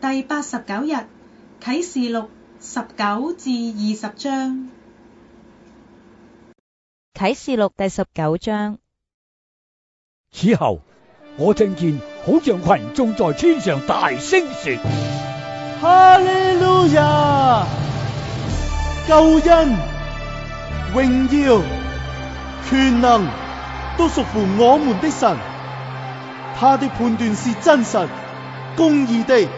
第八十九日啟示錄十九至二十章，啟示錄第十九章。此後，我聽見好像群眾在天上大聲說：哈利路亞！救恩、榮耀、權能，都屬乎我們的神。他的判斷是真實、公義的。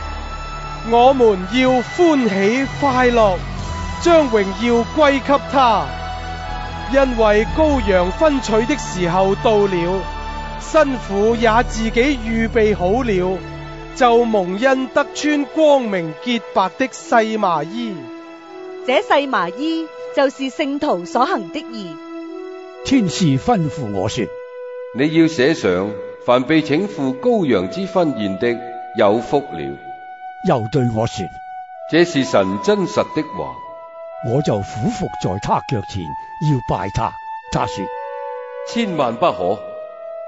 我們要歡喜快樂，將榮耀歸給他，因為羔羊婚娶的時候到了，辛苦也自己預備好了，就蒙恩得穿光明潔白的細麻衣。這細麻衣就是聖徒所行的義。天使吩咐我說：你要寫上，凡被請赴羔羊之婚宴的，有福了。又對我說：這是神真實的話，我就俯伏在他腳前要拜他。他說：千萬不可，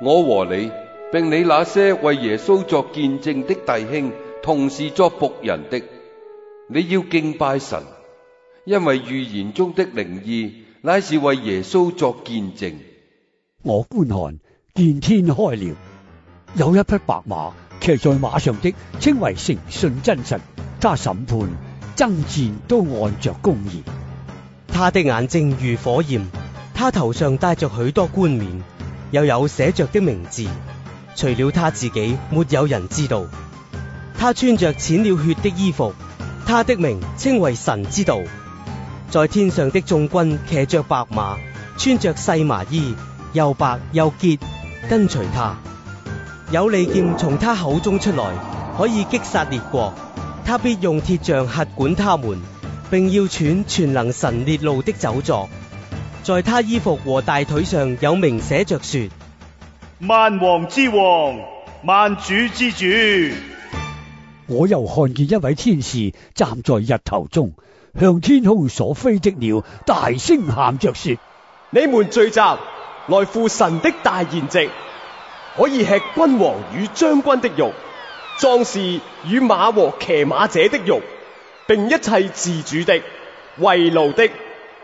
我和你，並你那些為耶穌作見證的弟兄，同是作僕人的。你要敬拜神，因為預言中的靈意乃是為耶穌作見證。我觀看，見天開了，有一匹白馬。騎在馬上的稱為誠信真實，他審判爭戰都按着公義。他的眼睛如火焰，他頭上戴着許多冠冕，又有寫着的名字。除了他自己，沒有人知道。他穿着濺了血的衣服，他的名稱為神之道。在天上的眾軍騎着白馬，穿着細麻衣，又白又潔，跟隨他。有利劍從他口中出來，可以擊殺列國。他必用鐵杖轄管他們，並要踹全能神烈怒的酒醡。在他衣服和大腿上有名寫着說：萬王之王，萬主之主。我又看見一位天使站在日頭中，向天空所飛的鳥大聲喊着說：你們聚集來赴神的大筵席。可以吃君王與將軍的肉，壯士與馬和騎馬者的肉，並一切自主的、為奴的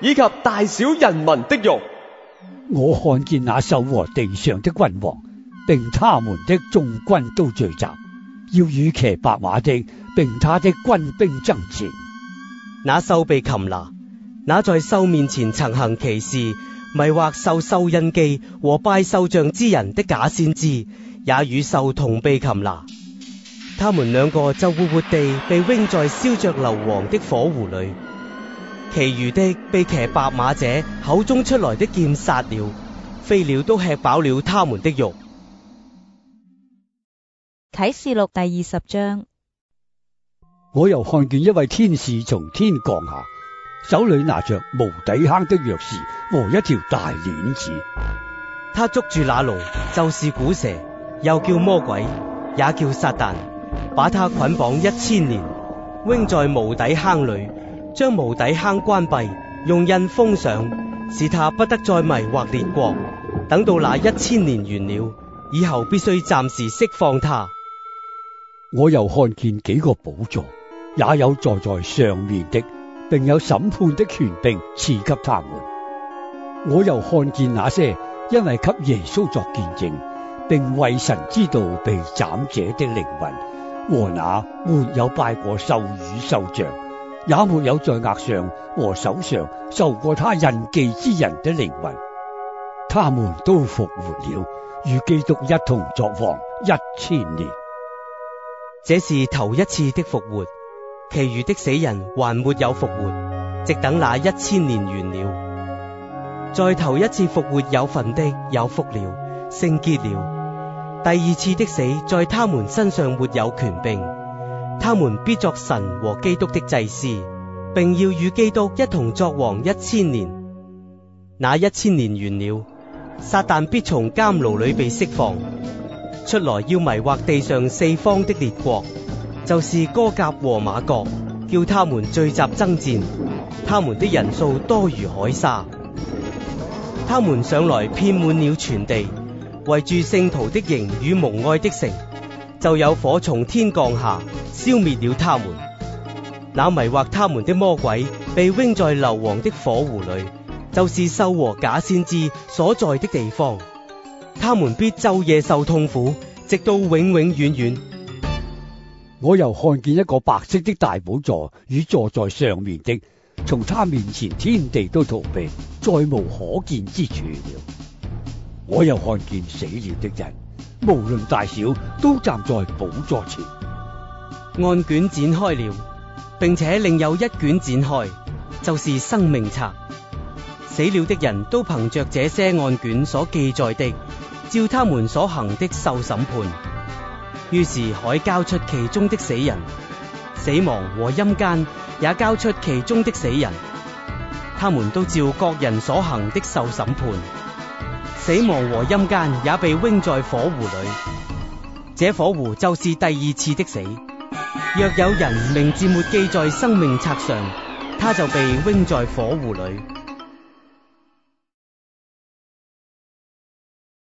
以及大小人民的肉。我看見那獸和地上的君王，並他們的眾軍都聚集，要與騎白馬的，並他的軍兵爭戰。那獸被擒拿，那在獸面前曾行其事。迷惑受獸印記和拜獸像之人的假先知，也與獸同被擒拿。他們兩個就活活地被扔在燒着硫磺的火湖裏。其餘的被騎白馬者口中出來的劍殺了。飛鳥都吃飽了他們的肉。啟示錄第二十章。我又看見一位天使從天降下。手裏拿着無底坑的鑰匙和一條大鏈子，他捉住那龍，就是古蛇，又叫魔鬼，也叫撒旦，把他捆綁一千年，扔在無底坑裏，將無底坑關閉，用印封上，使他不得再迷惑列國。等到那一千年完了，以後必須暫時釋放他。我又看見幾個寶座，也有坐在，在上面的。並有審判的權柄賜給他們。我又看見那些因為給耶穌作見證，並為神之道被斬者的靈魂，和那沒有拜過獸與獸像，也沒有在額上和手上受過他印記之人的靈魂，他們都復活了，與基督一同作王一千年。這是頭一次的復活。其餘的死人還沒有復活，直等那一千年完了。在頭一次復活有份的有福了，聖潔了。第二次的死在他們身上沒有權柄，他們必作神和基督的祭司，並要與基督一同作王一千年。那一千年完了，撒旦必從監牢裏被釋放出來，要迷惑地上四方的列國。就是歌革和瑪各，叫他們聚集爭戰，他們的人數多如海沙，他們上來遍滿了全地，圍住聖徒的營與蒙愛的城，就有火從天降下，消滅了他們。那迷惑他們的魔鬼被扔在硫磺的火湖裏，就是獸和假先知所在的地方。他們必晝夜受痛苦，直到永永遠遠。我又看見一個白色的大寶座與坐在上面的，從他面前天地都逃避，再無可見之處了。我又看見死了的人，無論大小，都站在寶座前。案卷展開了，並且另有一卷展開，就是生命冊。死了的人都憑着這些案卷所記載的，照他們所行的受審判。於是海交出其中的死人，死亡和陰間也交出其中的死人，他們都照各人所行的受審判。死亡和陰間也被扔在火湖裡，這火湖就是第二次的死。若有人名字沒記在生命冊上，他就被扔在火湖裡。